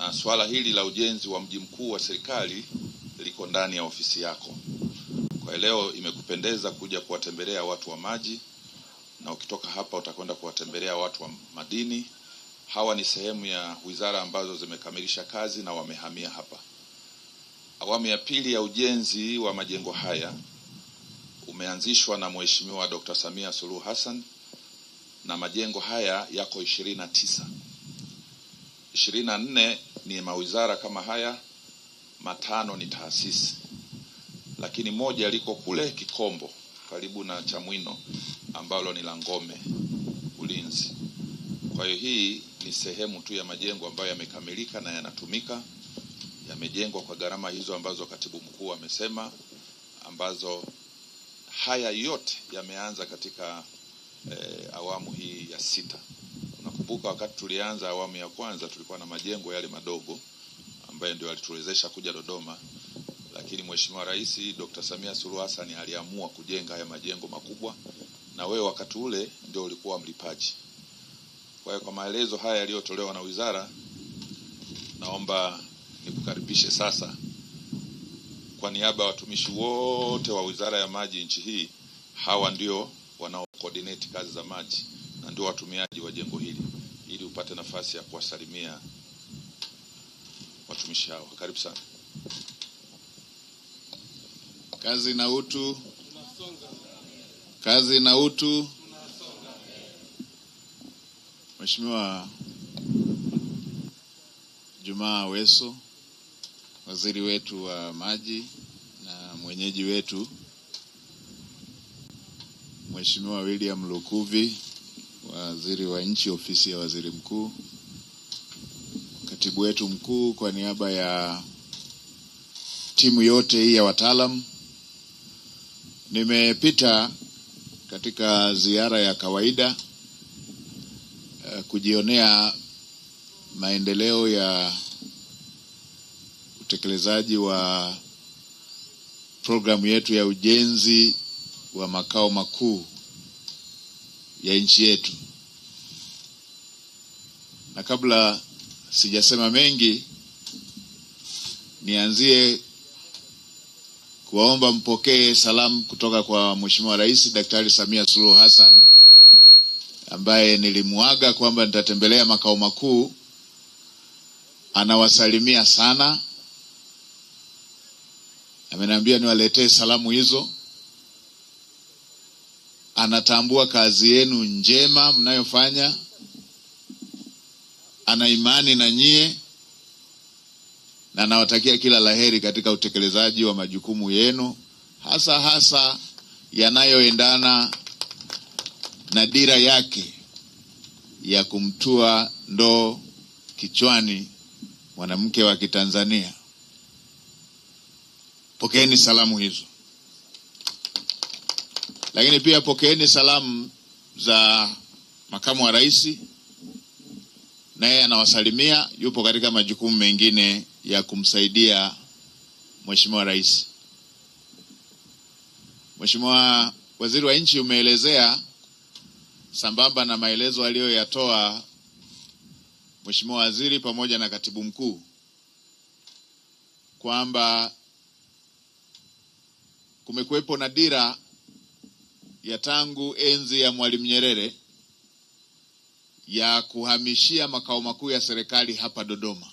na swala hili la ujenzi wa mji mkuu wa serikali liko ndani ya ofisi yako. Kwa leo imekupendeza kuja kuwatembelea watu wa maji, na ukitoka hapa utakwenda kuwatembelea watu wa madini. Hawa ni sehemu ya wizara ambazo zimekamilisha kazi na wamehamia hapa. Awamu ya pili ya ujenzi wa majengo haya umeanzishwa na Mheshimiwa Dr. Samia Suluhu Hassan na majengo haya yako ishirini na tisa ishirini na nne ni mawizara kama haya matano ni taasisi, lakini moja liko kule Kikombo karibu na Chamwino ambalo ni la ngome ulinzi. Kwa hiyo hii ni sehemu tu ya majengo ambayo yamekamilika na yanatumika, yamejengwa kwa gharama hizo ambazo katibu mkuu amesema, ambazo haya yote yameanza katika eh, awamu hii ya sita. Nakumbuka wakati tulianza awamu ya kwanza tulikuwa na majengo yale madogo ambayo ndio alituwezesha kuja Dodoma, lakini Mheshimiwa Rais Dr. Samia Suluhu Hassan aliamua kujenga haya majengo makubwa, na wewe wakati ule ndio ulikuwa mlipaji. Kwa hiyo kwa maelezo haya yaliyotolewa na wizara, naomba nikukaribishe sasa kwa niaba ya watumishi wote wa Wizara ya Maji nchi hii. Hawa ndio wanao kazi za maji na ndio watumiaji wa jengo hili ili upate nafasi ya kuwasalimia watumishi hao. Karibu sana. Kazi na utu, kazi na utu. Mheshimiwa Jumaa Aweso, waziri wetu wa maji na mwenyeji wetu Mheshimiwa William Lukuvi waziri wa nchi ofisi ya waziri mkuu, katibu wetu mkuu, kwa niaba ya timu yote hii ya wataalam, nimepita katika ziara ya kawaida uh, kujionea maendeleo ya utekelezaji wa programu yetu ya ujenzi wa makao makuu ya nchi yetu. Na kabla sijasema mengi, nianzie kuwaomba mpokee salamu kutoka kwa Mheshimiwa Rais Daktari Samia Suluhu Hassan ambaye nilimuaga kwamba nitatembelea makao makuu. Anawasalimia sana, ameniambia niwaletee salamu hizo anatambua kazi yenu njema mnayofanya, ana imani na nyie na nawatakia kila laheri katika utekelezaji wa majukumu yenu, hasa hasa yanayoendana na dira yake ya kumtua ndoo kichwani mwanamke wa Kitanzania. Pokeeni salamu hizo. Lakini pia pokeeni salamu za makamu wa rais, naye anawasalimia, yupo katika majukumu mengine ya kumsaidia mheshimiwa rais. Mheshimiwa Waziri wa Nchi, umeelezea sambamba na maelezo aliyoyatoa Mheshimiwa Waziri pamoja na Katibu Mkuu kwamba kumekuwepo na dira ya tangu enzi ya Mwalimu Nyerere ya kuhamishia makao makuu ya serikali hapa Dodoma,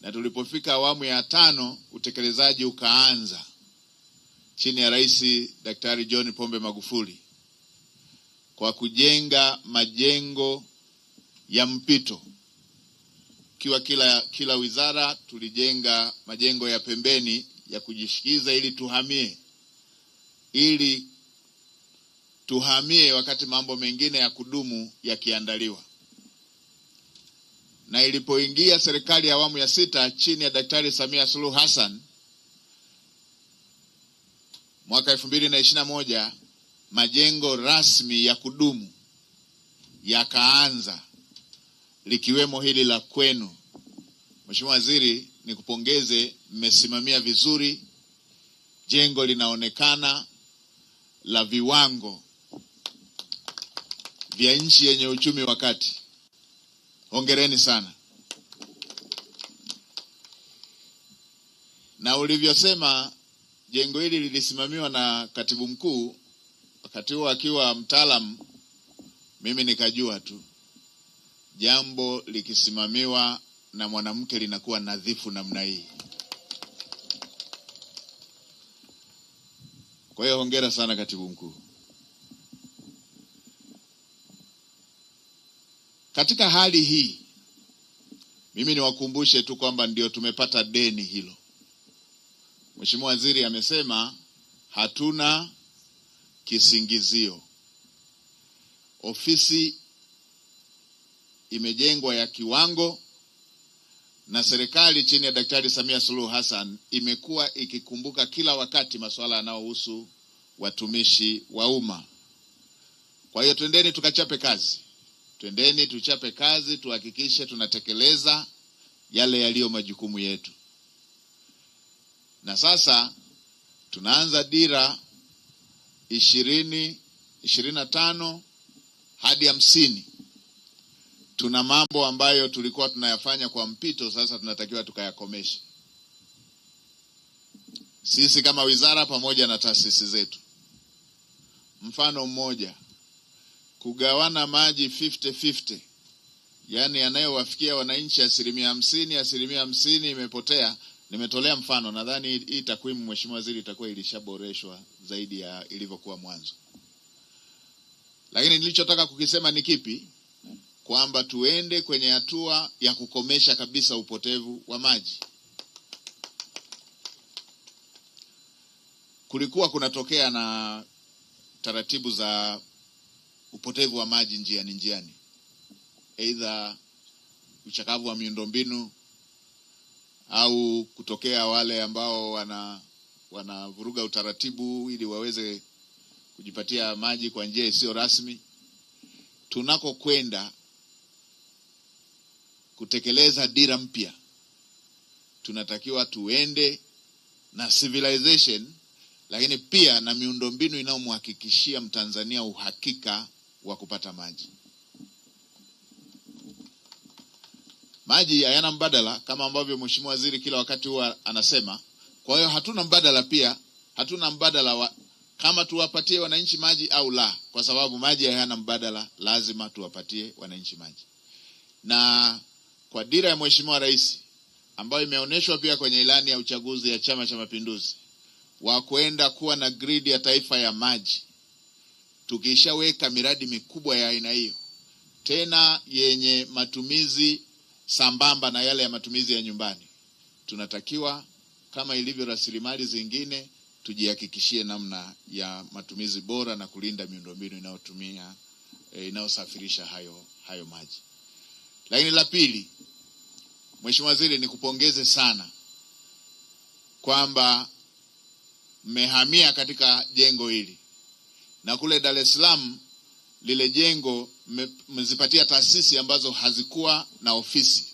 na tulipofika awamu ya tano utekelezaji ukaanza chini ya Rais Daktari John Pombe Magufuli kwa kujenga majengo ya mpito kiwa kila, kila wizara tulijenga majengo ya pembeni ya kujishikiza ili tuhamie ili tuhamie wakati mambo mengine ya kudumu yakiandaliwa. Na ilipoingia serikali ya awamu ya sita chini ya Daktari Samia Suluhu Hassan mwaka elfu mbili na ishirini na moja majengo rasmi ya kudumu yakaanza likiwemo hili la kwenu. Mheshimiwa Waziri, nikupongeze, mmesimamia vizuri, jengo linaonekana la viwango vya nchi yenye uchumi wa kati. Hongereni sana. Na ulivyosema, jengo hili lilisimamiwa na katibu mkuu wakati huo akiwa mtaalamu, mimi nikajua tu jambo likisimamiwa na mwanamke linakuwa nadhifu namna hii. Kwa hiyo hongera sana katibu mkuu. Katika hali hii, mimi niwakumbushe tu kwamba ndio tumepata deni hilo. Mheshimiwa Waziri amesema hatuna kisingizio. Ofisi imejengwa ya kiwango na serikali chini ya Daktari Samia Suluhu Hassan imekuwa ikikumbuka kila wakati masuala yanayohusu watumishi wa umma. Kwa hiyo twendeni tukachape kazi, twendeni tuchape kazi, tuhakikishe tunatekeleza yale yaliyo majukumu yetu. Na sasa tunaanza dira ishirini ishirini na tano hadi hamsini tuna mambo ambayo tulikuwa tunayafanya kwa mpito, sasa tunatakiwa tukayakomeshe sisi kama wizara pamoja na taasisi zetu. Mfano mmoja, kugawana maji 50-50, yaani yanayowafikia wananchi asilimia hamsini, asilimia hamsini imepotea. Nimetolea mfano, nadhani hii takwimu Mheshimiwa Waziri itakuwa ilishaboreshwa zaidi ya ilivyokuwa mwanzo, lakini nilichotaka kukisema ni kipi? kwamba tuende kwenye hatua ya kukomesha kabisa upotevu wa maji. Kulikuwa kunatokea na taratibu za upotevu wa maji njiani njiani, aidha uchakavu wa miundombinu au kutokea wale ambao wana wanavuruga utaratibu ili waweze kujipatia maji kwa njia isiyo rasmi. Tunakokwenda kutekeleza dira mpya, tunatakiwa tuende na civilization, lakini pia na miundombinu inayomhakikishia Mtanzania uhakika wa kupata maji. Maji hayana mbadala kama ambavyo Mheshimiwa Waziri kila wakati huwa anasema. Kwa hiyo hatuna mbadala pia, hatuna mbadala wa kama tuwapatie wananchi maji au la, kwa sababu maji hayana mbadala, lazima tuwapatie wananchi maji na kwa dira ya Mheshimiwa Rais ambayo imeonyeshwa pia kwenye ilani ya uchaguzi ya Chama cha Mapinduzi wa kuenda kuwa na gridi ya taifa ya maji. Tukishaweka miradi mikubwa ya aina hiyo tena yenye matumizi sambamba na yale ya matumizi ya nyumbani, tunatakiwa kama ilivyo rasilimali zingine tujihakikishie namna ya matumizi bora na kulinda miundombinu inayotumia eh, inayosafirisha hayo hayo maji. Lakini la pili Mheshimiwa Waziri, nikupongeze sana kwamba mmehamia katika jengo hili na kule Dar es Salaam lile jengo mmezipatia taasisi ambazo hazikuwa na ofisi,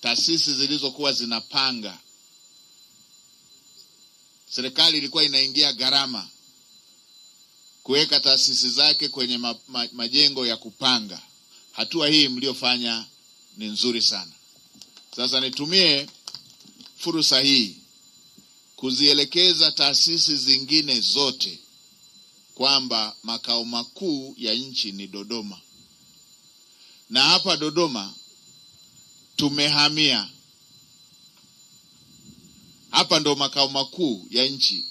taasisi zilizokuwa zinapanga. Serikali ilikuwa inaingia gharama kuweka taasisi zake kwenye majengo ya kupanga. Hatua hii mliofanya ni nzuri sana. Sasa nitumie fursa hii kuzielekeza taasisi zingine zote kwamba makao makuu ya nchi ni Dodoma, na hapa Dodoma tumehamia. Hapa ndo makao makuu ya nchi.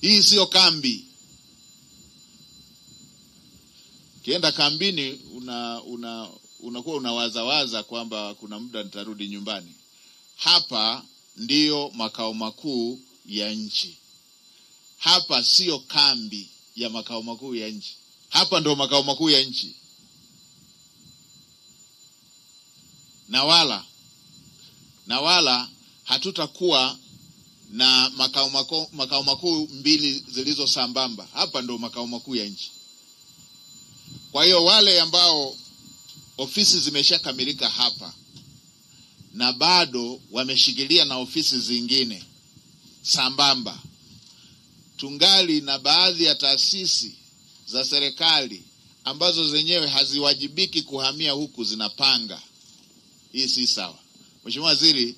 Hii siyo kambi. Ukienda kambini una, una unakuwa unawazawaza kwamba kuna muda nitarudi nyumbani. Hapa ndiyo makao makuu ya nchi. Hapa siyo kambi ya makao makuu ya nchi. Hapa ndo makao makuu ya nchi, na wala na wala hatutakuwa na makao makuu makao makuu mbili zilizo sambamba. Hapa ndo makao makuu ya nchi. Kwa hiyo wale ambao ofisi zimeshakamilika hapa na bado wameshikilia na ofisi zingine sambamba. Tungali na baadhi ya taasisi za serikali ambazo zenyewe haziwajibiki kuhamia huku, zinapanga. Hii si sawa. Mheshimiwa Waziri,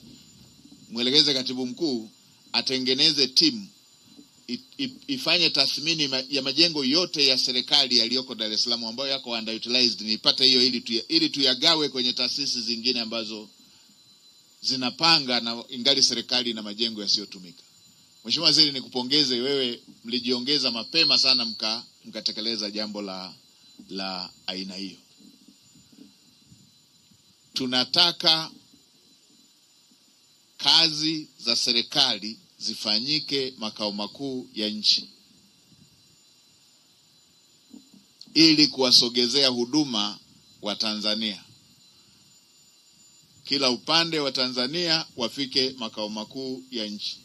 mwelekeze Katibu Mkuu atengeneze timu ifanye tathmini ya majengo yote ya serikali yaliyoko Dar es Salaam ambayo yako underutilized, nipate hiyo ili tuya, ili tuyagawe kwenye taasisi zingine ambazo zinapanga na ingali serikali na majengo yasiyotumika. Mheshimiwa Waziri, nikupongeze wewe, mlijiongeza mapema sana mka mkatekeleza jambo la la aina hiyo. Tunataka kazi za serikali zifanyike makao makuu ya nchi ili kuwasogezea huduma wa Tanzania. Kila upande wa Tanzania wafike makao makuu ya nchi.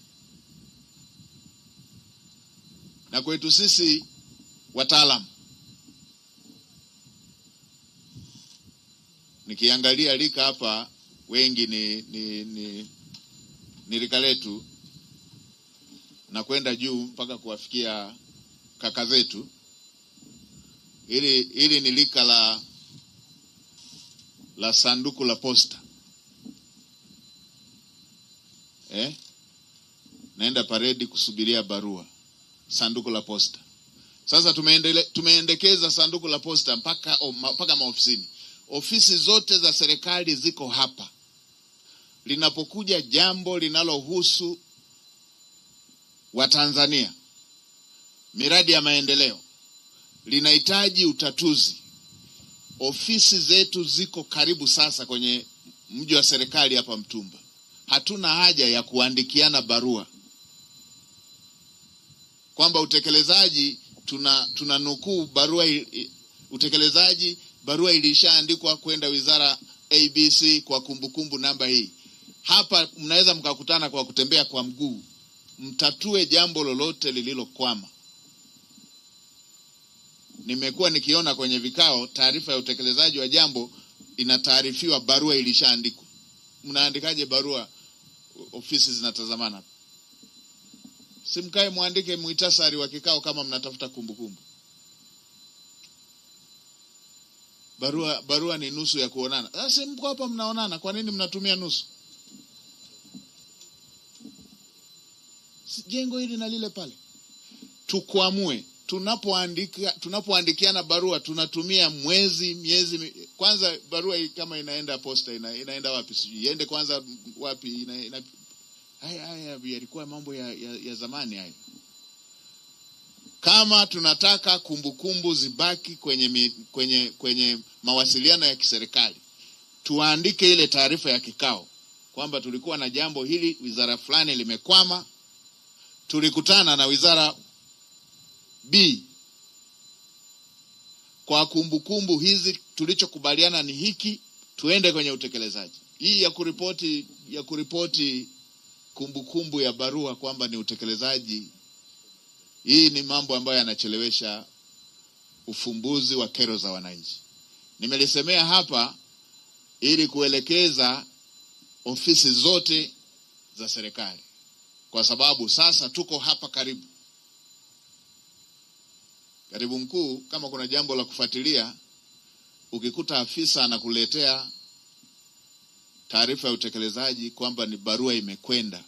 Na kwetu sisi wataalamu, nikiangalia lika hapa wengi ni, ni, ni, ni letu na kwenda juu mpaka kuwafikia kaka zetu. Hili hili ni lika la, la sanduku la posta eh? Naenda paredi kusubiria barua, sanduku la posta. Sasa tumeendele, tumeendekeza sanduku la posta mpaka mpaka maofisini. Ofisi zote za serikali ziko hapa. Linapokuja jambo linalohusu wa Tanzania, miradi ya maendeleo linahitaji utatuzi. Ofisi zetu ziko karibu sasa kwenye mji wa serikali hapa Mtumba. Hatuna haja ya kuandikiana barua kwamba utekelezaji tuna, tuna nukuu barua utekelezaji barua ilishaandikwa kwenda wizara ABC kwa kumbukumbu namba hii. Hapa mnaweza mkakutana kwa kutembea kwa mguu mtatue jambo lolote lililokwama. Nimekuwa nikiona kwenye vikao, taarifa ya utekelezaji wa jambo inataarifiwa, barua ilishaandikwa. Mnaandikaje barua? Ofisi zinatazamana. Simkae mwandike muhtasari wa kikao kama mnatafuta kumbukumbu. Barua barua ni nusu ya kuonana. Sasa mko hapa mnaonana, kwa nini mnatumia nusu? jengo hili na lile pale. Tukwamue tunapoandika tunapoandikiana barua tunatumia mwezi miezi kwanza. Barua hii kama inaenda posta ina, inaenda wapi? Sijui iende kwanza wapi ina, ina, haya haya yalikuwa mambo ya, ya, ya zamani hayo. Kama tunataka kumbukumbu kumbu zibaki kwenye, mi, kwenye, kwenye mawasiliano ya kiserikali tuandike ile taarifa ya kikao kwamba tulikuwa na jambo hili, wizara fulani limekwama, tulikutana na wizara B kwa kumbukumbu kumbu hizi, tulichokubaliana ni hiki, tuende kwenye utekelezaji. Hii ya kuripoti ya kuripoti kumbukumbu ya barua kwamba ni utekelezaji, hii ni mambo ambayo yanachelewesha ufumbuzi wa kero za wananchi. Nimelisemea hapa ili kuelekeza ofisi zote za serikali kwa sababu sasa tuko hapa karibu. Katibu mkuu, kama kuna jambo la kufuatilia, ukikuta afisa anakuletea taarifa ya utekelezaji kwamba ni barua imekwenda,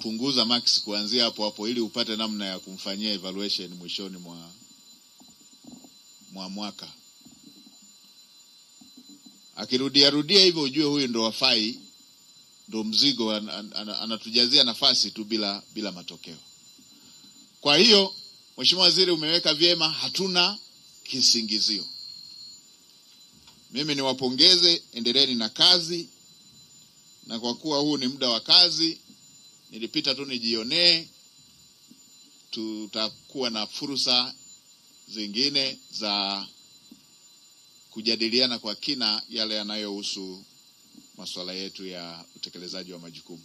punguza max kuanzia hapo hapo, ili upate namna ya kumfanyia evaluation mwishoni mwa mwa mwaka. Akirudia rudia hivyo, ujue huyu ndo wafai, ndo mzigo an, an, an, anatujazia nafasi tu bila, bila matokeo. Kwa hiyo Mheshimiwa Waziri, umeweka vyema, hatuna kisingizio. Mimi niwapongeze, endeleeni na kazi, na kwa kuwa huu ni muda wa kazi, nilipita tu nijionee. Tutakuwa na fursa zingine za kujadiliana kwa kina yale yanayohusu masuala yetu ya utekelezaji wa majukumu.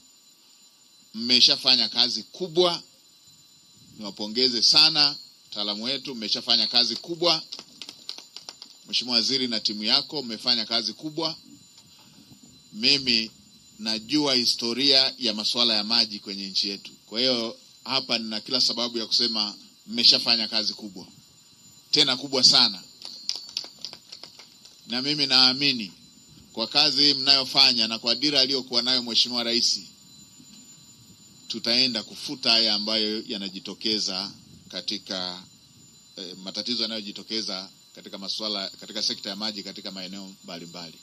Mmeshafanya kazi kubwa, niwapongeze sana wataalamu wetu. Mmeshafanya kazi kubwa, Mheshimiwa Waziri na timu yako, mmefanya kazi kubwa. Mimi najua historia ya masuala ya maji kwenye nchi yetu, kwa hiyo hapa nina kila sababu ya kusema mmeshafanya kazi kubwa, tena kubwa sana na mimi naamini kwa kazi hii mnayofanya na kwa dira aliyokuwa nayo Mheshimiwa Rais, tutaenda kufuta haya ambayo yanajitokeza katika eh, matatizo yanayojitokeza katika masuala katika sekta ya maji katika maeneo mbalimbali.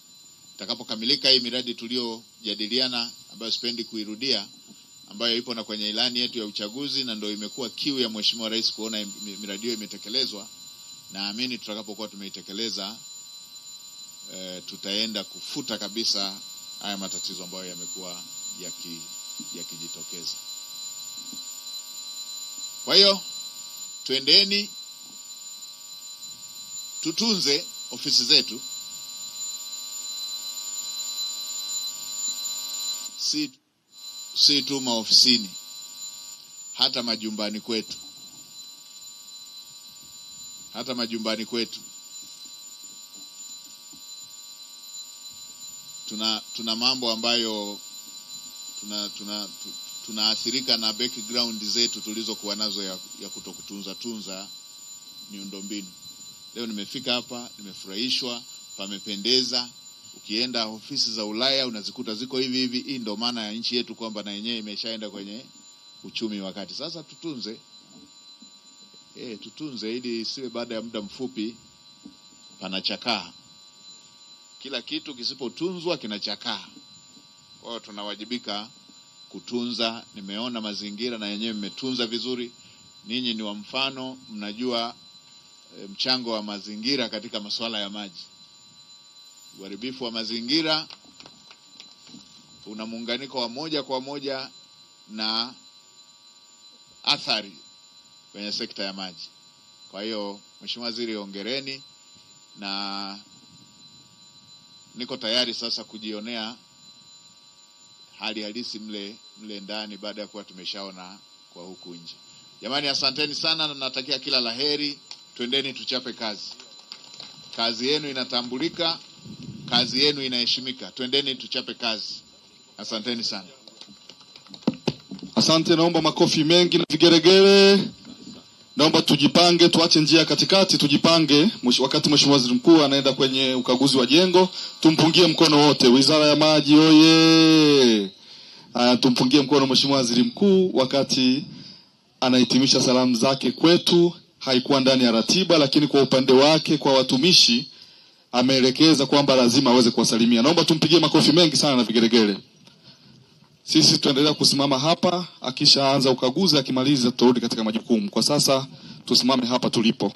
Itakapokamilika hii miradi tuliyojadiliana, ambayo sipendi kuirudia, ambayo ipo na kwenye ilani yetu ya uchaguzi na ndio imekuwa kiu ya Mheshimiwa Rais kuona miradi hiyo imetekelezwa, naamini tutakapokuwa tumeitekeleza e, tutaenda kufuta kabisa haya matatizo ambayo yamekuwa yakijitokeza yaki. Kwa hiyo twendeni tutunze ofisi zetu, si, si tu maofisini, hata majumbani kwetu, hata majumbani kwetu. tuna tuna mambo ambayo tuna tuna tunaathirika na background zetu tulizokuwa nazo ya, ya kutokutunza tunza miundombinu. Leo nimefika hapa, nimefurahishwa, pamependeza. Ukienda ofisi za Ulaya unazikuta ziko hivi hivi. Hii ndio maana ya nchi yetu kwamba na yenyewe imeshaenda kwenye uchumi wakati. Sasa tutunze e, tutunze ili isiwe baada ya muda mfupi panachakaa. Kila kitu kisipotunzwa kinachakaa. Kwa hiyo tunawajibika kutunza. Nimeona mazingira na yenyewe mmetunza vizuri. Ninyi ni wa mfano, mnajua e, mchango wa mazingira katika masuala ya maji. Uharibifu wa mazingira una muunganiko wa moja kwa moja na athari kwenye sekta ya maji. Kwa hiyo Mheshimiwa Waziri, ongereni na niko tayari sasa kujionea hali halisi mle mle ndani baada ya kuwa tumeshaona kwa huku nje. Jamani, asanteni sana na natakia kila laheri. Twendeni tuchape kazi. Kazi yenu inatambulika, kazi yenu inaheshimika. Twendeni tuchape kazi. Asanteni sana. Asante, naomba makofi mengi na vigeregere. Naomba tujipange, tuache njia ya katikati, tujipange. Wakati mheshimiwa waziri mkuu anaenda kwenye ukaguzi wa jengo, tumpungie mkono wote. Wizara ya maji oye! Uh, tumpungie mkono mheshimiwa waziri mkuu wakati anahitimisha salamu zake kwetu. Haikuwa ndani ya ratiba, lakini kwa upande wake kwa watumishi ameelekeza kwamba lazima aweze kuwasalimia. Naomba tumpigie makofi mengi sana na vigelegele. Sisi tutaendelea kusimama hapa, akishaanza ukaguzi, akimaliza tutarudi katika majukumu. Kwa sasa tusimame hapa tulipo.